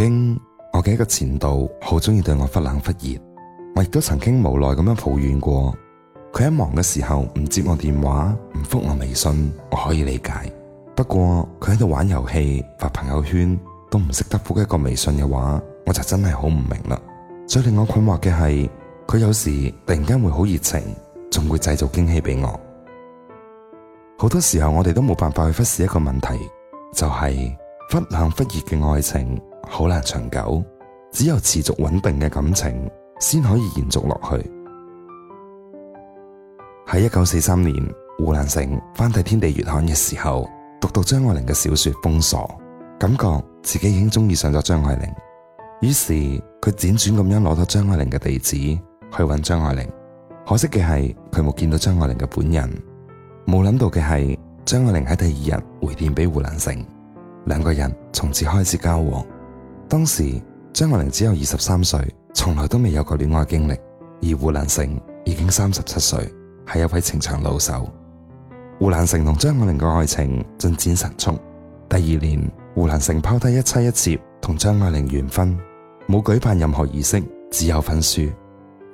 經我嘅一個前度好中意對我忽冷忽熱，我亦都曾經無奈咁樣抱怨過。佢一忙嘅時候唔接我電話，唔復我微信，我可以理解。不過佢喺度玩遊戲發朋友圈都唔識得復一個微信嘅話，我就真係好唔明啦。最令我困惑嘅係，佢有時突然間會好熱情，仲會製造驚喜俾我。好多時候我哋都冇辦法去忽視一個問題，就係忽冷忽熱嘅愛情。好難長久，只有持續穩定嘅感情先可以延續落去。喺一九四三年，胡蘭成翻睇《天地月刊》嘅時候，讀到張愛玲嘅小說《封鎖》，感覺自己已經中意上咗張愛玲，於是佢輾轉咁樣攞到張愛玲嘅地址去搵張愛玲。可惜嘅係，佢冇見到張愛玲嘅本人。冇諗到嘅係，張愛玲喺第二日回電俾胡蘭成，兩個人從此開始交往。當時張愛玲只有二十三歲，從來都未有過戀愛經歷，而胡蘭成已經三十七歲，係一位情場老手。胡蘭成同張愛玲嘅愛情進展神速，第二年胡蘭成拋低一妻一妾同張愛玲完婚，冇舉辦任何儀式，只有婚書。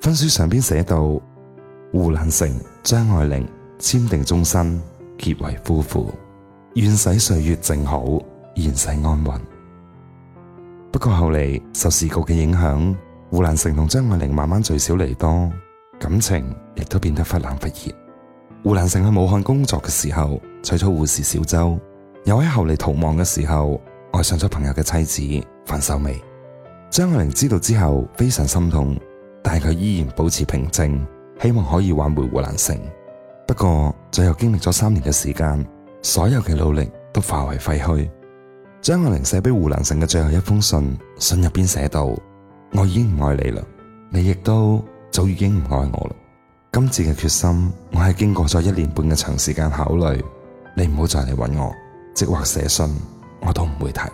婚書上邊寫道：胡蘭成、張愛玲簽訂終身，結為夫婦，願使歲月靜好，現世安穩。不過後嚟受時局嘅影響，胡蘭成同張愛玲慢慢聚少離多，感情亦都變得忽冷忽熱。胡蘭成喺武漢工作嘅時候娶咗護士小周，又喺後嚟逃亡嘅時候愛上咗朋友嘅妻子范秀美。張愛玲知道之後非常心痛，但係佢依然保持平靜，希望可以挽回胡蘭成。不過最後經歷咗三年嘅時間，所有嘅努力都化為廢墟。張愛玲寫俾胡蘭成嘅最後一封信，信入邊寫到：我已經唔愛你啦，你亦都早已經唔愛我啦。今次嘅決心，我係經過咗一年半嘅長時間考慮。你唔好再嚟搵我，即或寫信，我都唔會睇。這」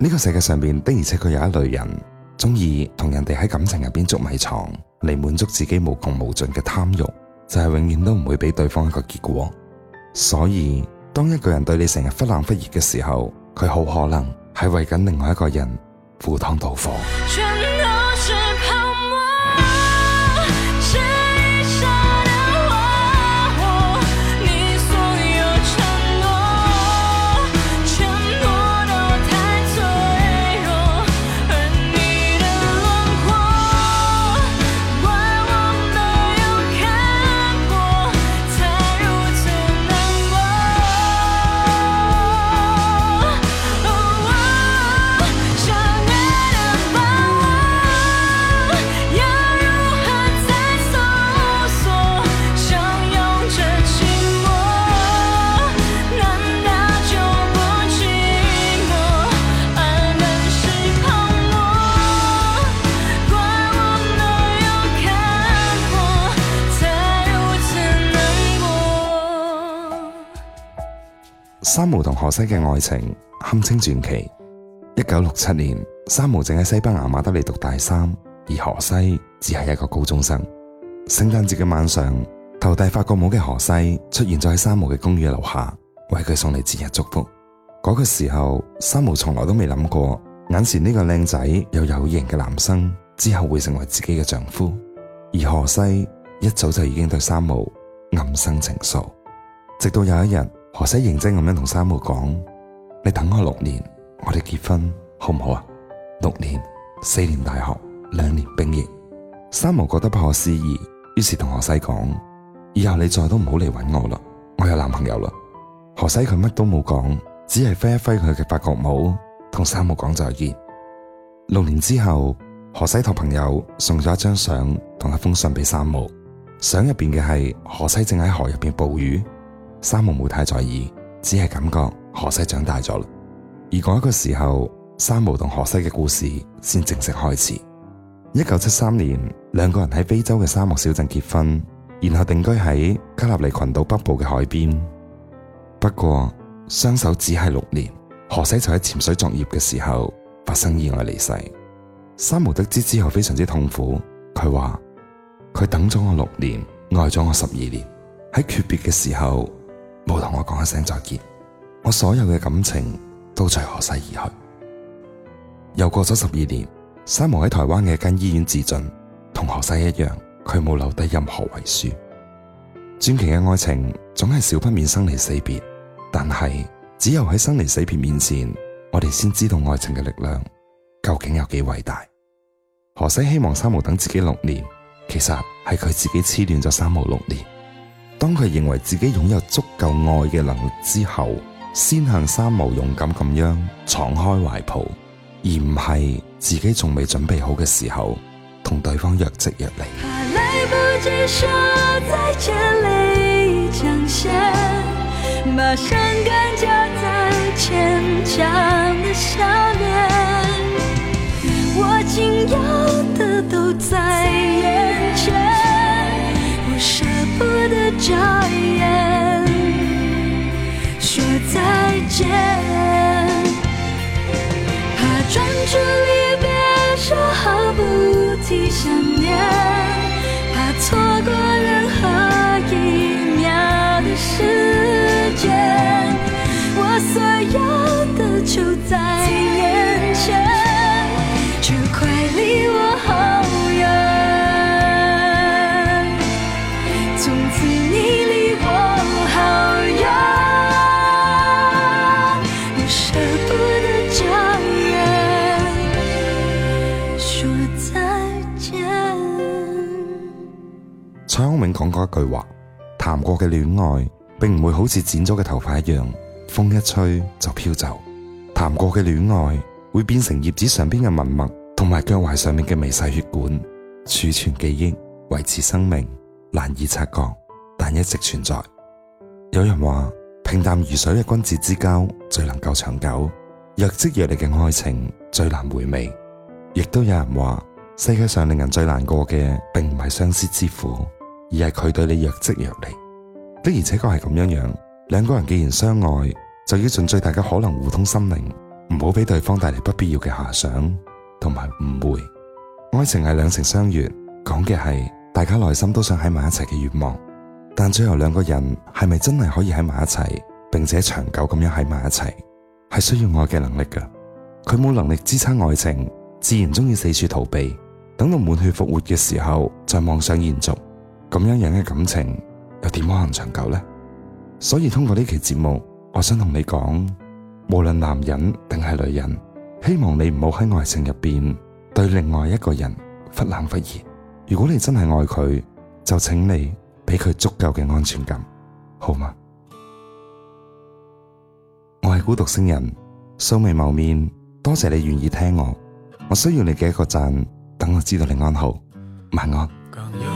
呢個世界上面的而且確有一類人，中意同人哋喺感情入邊捉迷藏，嚟滿足自己無窮無盡嘅貪慾，就係、是、永遠都唔會俾對方一個結果。所以。當一個人對你成日忽冷忽熱嘅時候，佢好可能係為緊另外一個人赴湯蹈火。三毛同荷西嘅愛情堪稱傳奇。一九六七年，三毛正喺西班牙馬德里讀大三，而荷西只係一個高中生。聖誕節嘅晚上，頭戴法國帽嘅荷西出現咗喺三毛嘅公寓樓下，為佢送嚟節日祝福。嗰、那個時候，三毛從來都未諗過眼前呢個靚仔又有，有型嘅男生之後會成為自己嘅丈夫。而荷西一早就已經對三毛暗生情愫，直到有一日。荷西認真咁樣同三毛講：「你等我六年，我哋結婚好唔好啊？六年，四年大學，兩年兵役。」三毛覺得不可思議，於是同荷西講：「以後你再都唔好嚟搵我啦，我有男朋友啦。」荷西佢乜都冇講，只係揮一揮佢嘅法國帽，同三毛講再見。六年之後，荷西託朋友送咗一張相同一封信俾三毛，相入邊嘅係荷西正喺河入邊捕魚。三毛冇太在意，只係感覺荷西長大咗啦。而嗰一個時候，三毛同荷西嘅故事先正式開始。一九七三年，兩個人喺非洲嘅沙漠小鎮結婚，然後定居喺加納利群島北部嘅海邊。不過，相守只係六年，荷西就喺潛水作業嘅時候發生意外離世。三毛得知之後非常之痛苦，佢話佢等咗我六年，愛咗我十二年，喺訣別嘅時候。冇同我講一聲再見，我所有嘅感情都隨何西而去。又過咗十二年，三毛喺台灣嘅一間醫院自盡，同何西一樣，佢冇留低任何遺書。傳奇嘅愛情總係少不免生離死別，但係只有喺生離死別面前，我哋先知道愛情嘅力量究竟有幾偉大。何西希望三毛等自己六年，其實係佢自己痴戀咗三毛六年。當佢認為自己擁有足夠愛嘅能力之後，先行三無勇敢咁樣敞開懷抱，而唔係自己仲未準備好嘅時候，同對方若即若離。啊來不及說再見不得眨眼，說再見，怕轉身離別，說好不提想念，怕錯過任何一秒的時間，我所有的就在眼前，卻快離我。講過一句話，談過嘅戀愛並唔會好似剪咗嘅頭髮一樣，風一吹就飄走。談過嘅戀愛會變成葉子上邊嘅紋脈，同埋腳踝上面嘅微細血管，儲存記憶，維持生命，難以察覺，但一直存在。有人話平淡如水嘅君子之交最能夠長久，若即若離嘅愛情最難回味。亦都有人話世界上令人最難過嘅，並唔係相思之苦。而係佢對你若即若離，的而且確係咁樣樣。兩個人既然相愛，就要盡最大嘅可能互通心靈，唔好俾對方帶嚟不必要嘅遐想，同埋誤會。愛情係兩情相悦，講嘅係大家內心都想喺埋一齊嘅願望。但最後兩個人係咪真係可以喺埋一齊，並且長久咁樣喺埋一齊，係需要愛嘅能力噶。佢冇能力支撐愛情，自然中意四處逃避。等到滿血復活嘅時候，再妄想延續。咁樣樣嘅感情又點可能長久呢？所以通過呢期節目，我想同你講，無論男人定係女人，希望你唔好喺愛情入邊對另外一個人忽冷忽熱。如果你真係愛佢，就請你俾佢足夠嘅安全感，好嗎？我係孤獨星人，素未謀面，多謝你願意聽我。我需要你嘅一個讚，等我知道你安好，晚安。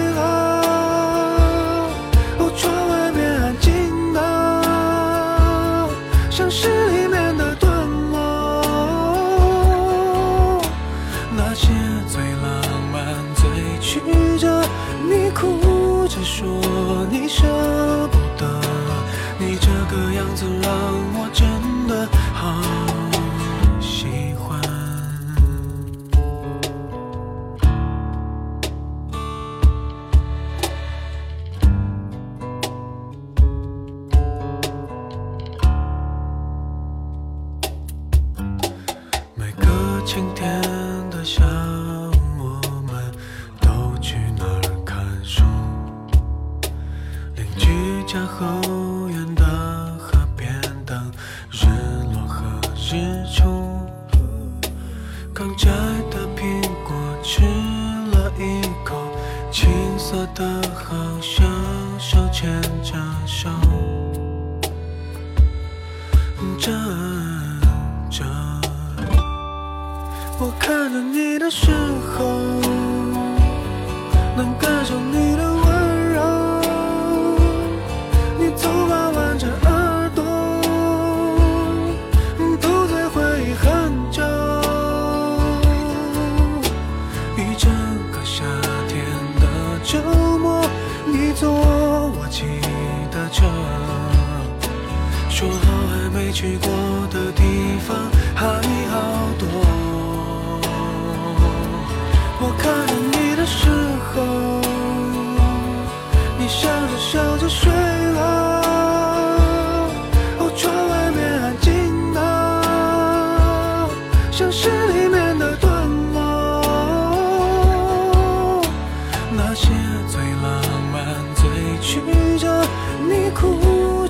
能感受你。